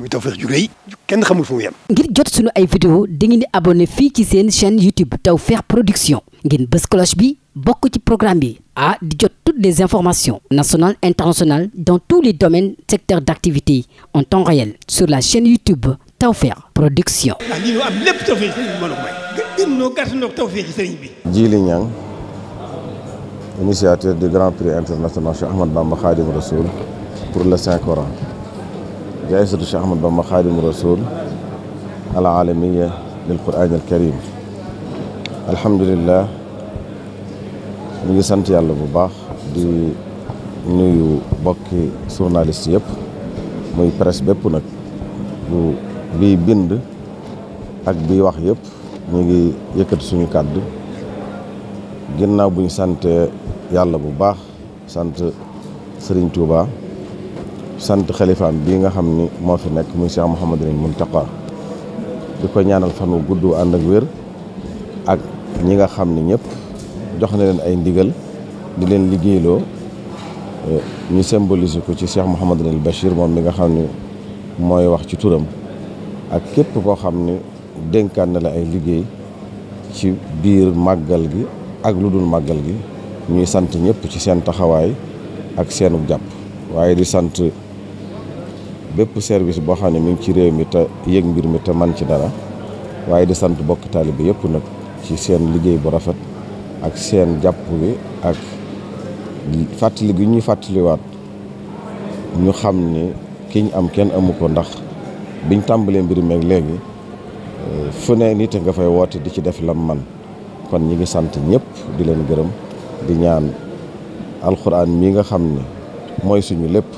muy Tawfekh ju rëy kenn xamul fu mu ngir jot sunu ay vidéo dangeen di abonné fii ci seen chaîne YouTube Tawfekh Production ngeen bës cloche bi bokk ci programme bi ah di jot toutes les informations nationales internationales dans tous les domaines secteurs d'activité en temps réel sur la chaîne YouTube Tawfekh Production. ah lii ñu am lépp Tawfekh sëriñ bi mën bi. Djili Niang initiateur du Grand Prix international Cheikh Ahmadou Bamba Khadim Rassoul pour le Saint jaisatu Cheikh Ahmad Bamba Xaadimu Rasuul al aalamiya lil quraan al karim alhamdulillah ñu ngi sant yàlla bu baax di nuyu bokki journaliste yëpp muy presse bépp nag bii bind ak bii wax yëpp ñu ngi yëkkat suñu kàddu ginnaaw bu ñu sante yàlla bu baax sant Serigne Touba. sant xalifaam bii nga xam ni moo fi nekk muy Cheikh mun Mountakha di ko ñaanal fan wu gudd ànd ak wér ak ñi nga xam ni ñëpp jox na leen ay ndigal di leen liggéeyloo eh, ñu symboliser ko ci Cheikh Mouhamadul Bachir moom mi nga xam ni mooy wax ci turam ak képp koo xam ni dénkaan na la ay liggéey ci biir màggal gi ak lu dul màggal gi ñuy sant ñëpp ci seen taxawaay ak seenu jàpp waaye di sant bépp service boo xam ne mi ngi ci réew mi te yëg mbir mi te man ci dara waaye di sant bokki taalibe yëpp nag ci seen liggéey bu rafet ak seen jàpp bi ak fàttali gi ñuy fàttaliwaat ñu xam ni ki am kenn amu ko ndax biñ tàmbalee mbir meeg léegi fu ne nit nga fay woote di ci def lam man kon ñi ngi sant ñëpp di leen gërëm di ñaan alxuraan mi nga xam ne mooy suñu lépp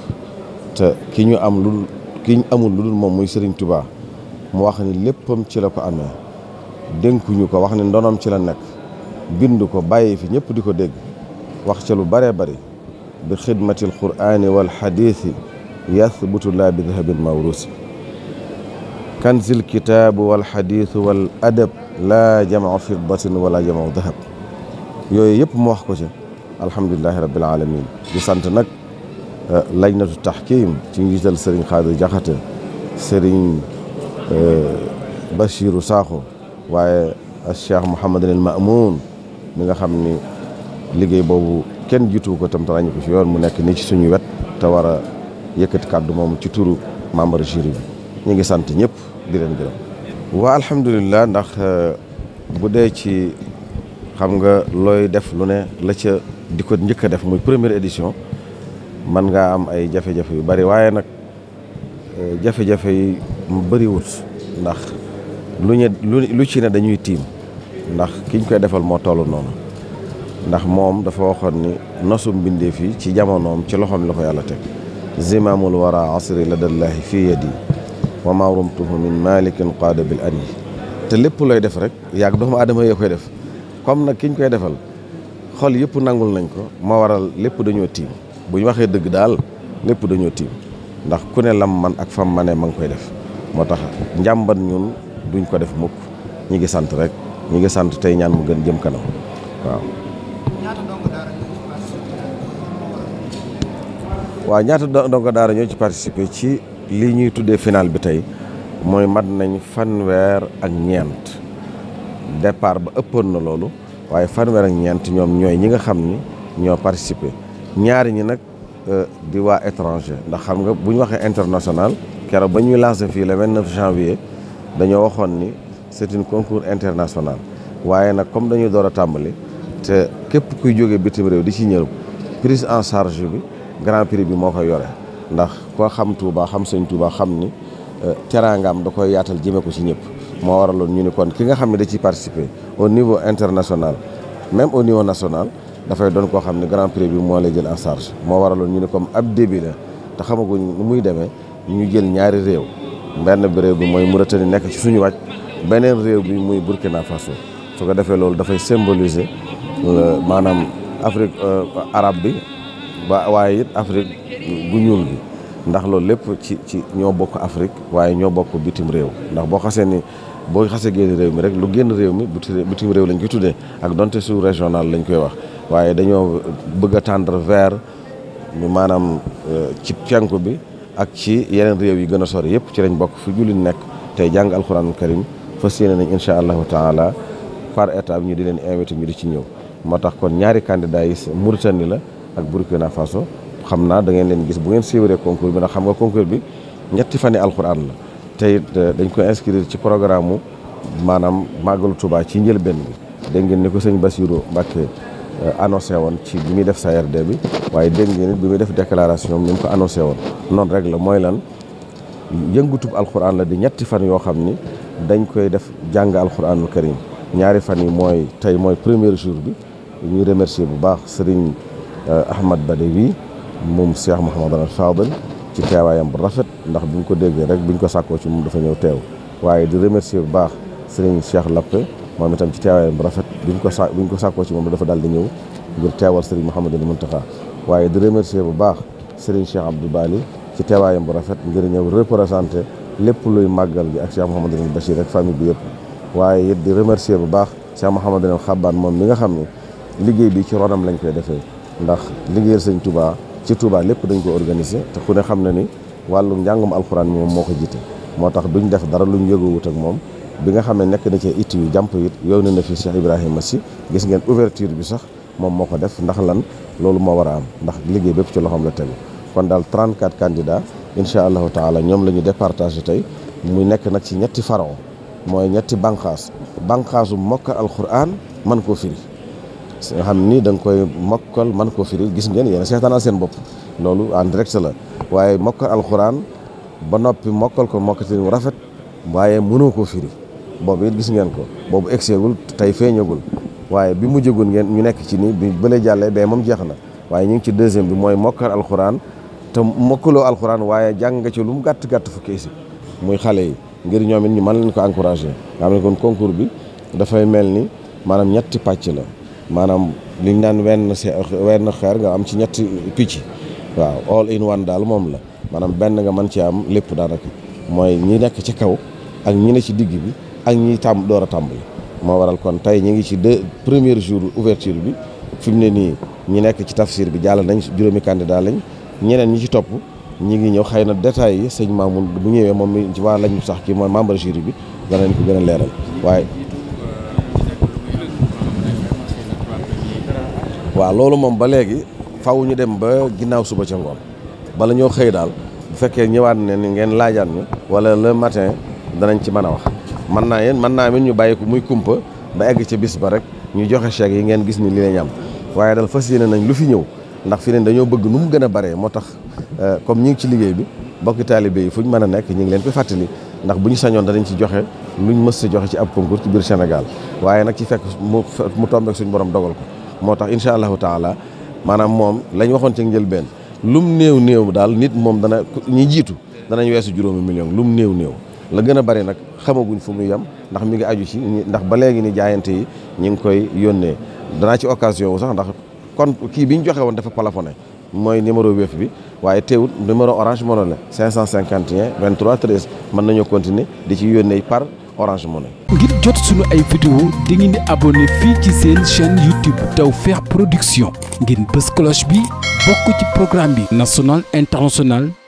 te ki ñu am lu ki amul lu dul moom muy Serigne Touba mu wax ni léppam ci la ko amee dénkuñu ko wax ne ndonoom ci la nekk bind ko bàyyi fi ñëpp di ko dégg wax ca lu bëree bëri bi xidmati alqurani wal xadiisi yathbutu laa bi dahabin mawruusi kanzil kitaabu wal xadiisu wal adab laa jamau fiddatin wala jamau dahab yooyu yëpp mu wax ko ci alhamdulilahi rabbil alamin di sant nag lajnatu taxkiim ci njiital sëriñ Xaadir Jaxate sëriñ euh, Bachiru Saaxo waaye ak Cheikh Mouhamadul El Mamoun mi nga xam ni liggéey boobu kenn jiitu ko tam tarañu ko ci yoon mu nekk nii ci suñu wet te war a yëkkati kàddu moom ci turu membre jury bi ñu ngi sant ñëpp di leen gërëm. waa alhamdulilah ndax euh, bu dee ci xam nga looy def lu ne la ca di ko njëkk a def muy première édition. man ngaa am ay jafe-jafe yu bari waaye nag eh, jafe-jafe yi bëriwut ndax lu ñu lu ci ne dañuy tiim ndax kiñ koy defal moo toll noonu ndax moom dafa waxoon ni nosum mbindeef yi ci jamonoom ci loxoom la yàlla teg zimaamul wara asri ladallaahi fii yadi wa ma rumtuhu min malikin qaada bil ani te lépp looy def rek yàgg doomu aadama yee koy def comme nag kiñ koy defal xol yëpp nangul nañ ko ma waral lépp dañoo tiim bu ñu waxee dëgg daal lépp dañoo tiim ndax ku ne lam man ak fam ma ne ma ngi koy def moo tax njàmban ñun duñ ko def mukk ñi ngi sant rek ñi ngi sant tey ñaan mu gën jëm kanam waaw. waaw ñaata ndongo daara ñoo ci participer ci li ñuy tuddee final bi tey mooy mat nañ fanweer ak ñeent départ ba ëppoon na loolu waaye fanweer ak ñeent ñoom ñooy ñi nga xam ni ñoo participer. ñaari ñi nag euh, di waa étranger ndax xam nga bu ñu waxee international kero ba ñuy lancé fii le 29 janvier dañoo waxoon ni c'est une concours international waaye nag comme dañuy door a tàmbali te képp kuy jógee bitim réew di ci ñëw prise en charge bi grand prix bi moo koy yore ndax koo xam Touba xam sëñ Touba xam ni euh, teraangaam da koy yaatal jëme ko ci ñëpp moo waraloon ñu ni kon ki nga xam ne da ciy participer au niveau international même au niveau national dafay doon koo xam ne grand prix bi moo lay jël en charge moo waraloon ñu ni comme ab début la te xamaguñ nu muy demee ñu jël ñaari réew benn bi réew bi mooy Mauritanie nekk ci suñu wàcc beneen réew bi muy Burkina Faso su ko defee loolu dafay symboliser euh, maanaam Afrique euh, arab bi ba waaye it Afrique gu ñuul bi ndax loolu lépp ci ci ñoo bokk Afrique waaye ñoo bokk bitim réew ndax boo xasee ni boo xasee génn réew mi rek lu génn réew mi bitim réew lañ koy tuddee ak donte sous régional lañ koy wax waaye dañoo bëgg a tendre vers maanaam euh, ci penku bi ak ci yeneen réew yi gën a sori yëpp ci lañ bokk fu jullit nekk tey jàng alxuraanul karim fas yéene nañ incha allahu taala par étape ñu di leen invité ñu di ci ñëw moo tax kon ñaari candidat yi Mauritanie la ak Burkina Faso xam naa da ngeen leen gis bu ngeen siiwaree concours bi ndax xam nga concours bi ñetti fani alxuraan la tey euh, dañ ko inscrire ci programme mu maanaam màggalu Touba ci njëlbéen dégg ngeen ni ko sëñ Bassirou Mbacke Euh, annoncé woon ci bi muy def CRD bi waaye dégg ngeen nit bi muy def déclaration am ni ko annoncé woon noonu rek la mooy lan yëngutub alxuraan la di ñetti fan yoo xam ni dañ koy def jàng alxuraanul karim ñaari fan yi mooy tey mooy premier jour bi ñuy remercier bu baax sëriñ euh, Ahmad Badawi moom Cheikh Mouhamadou Fadel ci teewaayam bu rafet ndax buñ ko déggee rek buñ ko sàkkoo ci mum dafa ñëw teew waaye di remercier bu baax sëriñ Cheikh Lappe moom biñ ko sa biñ ko sàkkoo ci moom dafa daal di ñëw ngir teewal Serigne Mouhamadou Mountakha waaye di remercier bu baax Serigne Cheikh Abdou Bali ci teewaayam bu rafet ngir ñëw représenté lépp luy màggal gi ak Cheikh Mouhamadou Bachir ak famille bi yëpp waaye it di remercier bu baax Cheikh Mouhamadou Xabbaan moom mi nga xam ne liggéey bi ci ronam lañ koy defee ndax liggéeyal sañ tubaa ci tubaa lépp dañ ko organisé te ku ne xam ne ni wàllu njàngum alxuraan mi moom moo ko jiite moo tax duñ def dara luñ yëgowut ak moom bi nga xam ne nekk na ci it yu jàmp it yow na na fi Cheikh ma Sy gis ngeen ouverture bi sax moom moo ko def ndax lan loolu moo war a am ndax liggéey bépp ci loxoom la tegu kon daal 34 candidats incha allahu taala ñoom la ñu départagé tey mu nekk nag ci ñetti faraw mooy ñetti banqaas banqaasu mokka alquran man koo firi nga xam nii da nga koy mokkal man koo firi gis ngeen yéen seetaanal seen bopp loolu en direct la waaye mokkal alquran ba noppi mokkal ko mokkati rafet waaye mënoo koo firi boobu it gis ngeen ko boobu egseegul tey feeñagul waaye bi mujjagul ngeen ñu nekk ci ni bi bële jàllee bee moom jeex na waaye ñu ngi ci deuxième bi mooy mokkal alxuraan te mokkuloo alxuraan waaye jàng nga ci lu mu gàtt gàtt fukki isib muy xale yi ngir ñoom it ñu mën leen ko encouragé nga xam ne bi dafay mel ni maanaam ñetti pàcc la maanaam liñ naan wenn se wenn xeer nga am ci ñetti picc waaw all in one daal moom la maanaam benn nga mën ci am lépp daanaka mooy ñi nekk ci kaw ak ñi ne ci digg bi ak ñi tàmm door a tàmbali moo waral kon tey ñu ngi ci deux premier jour ouverture bi fi mu ne nii ñi nekk ci tafsir bi jàll nañ juróomi candidat lañ ñeneen ñi ci topp ñi ngi ñëw xëy na détails yi sëñ Mamoun bu ñëwee moom mi ci waa lañu sax ki mooy membre jury bi danañ ko gën a leeral waaye waaw loolu moom ba léegi faw ñu dem ba ginnaaw suba ca bala ñëw xëy daal bu fekkee ñëwaat ne ni ngeen laajaan ñu wala le matin danañ ci mën a wax mën naa yéen mën naa min ñu bàyyi muy kumpa ba egg ci bis ba rek ñu joxe chèque yi ngeen gis ni li lañ am waaye dal fas yéene nañ lu fi ñëw ndax fi ne dañoo bëgg nu mu gën a baree moo tax euh, comme ñi ci liggéey bi bokki taalibe yi fu ñu mën a nekk ñu ngi leen koy fàttali ndax bu ñu sañoon danañ ci joxe luñ mës sa joxe ci ab concours ci biir Sénégal waaye nag ci fekk mu mu tombeek suñu borom dogal ko moo tax incha allahu taala maanaam moom lañu waxoon ci njëlbeen lum néew néew daal nit moom dana ñi jiitu danañ weesu juróomi million lum néew néew la gën a bari nag xamaguñ fu mu yem ndax mi ngi aju ci ndax ba léegi ni jaayante yi ñu ngi koy yónnee danaa ci occasion wu sax ndax kon kii bi ñu joxe woon dafa plafonné mooy numéro wéef bi waaye teewut numéro orange money la 551 23 13 mën nañoo continuer di ci yónnee par orange money. ngir jot suñu ay vidéo di ngeen di abonné fii ci seen chaîne YouTube Tawfekh Production ngir bës cloche bi bokk ci programme bi national international.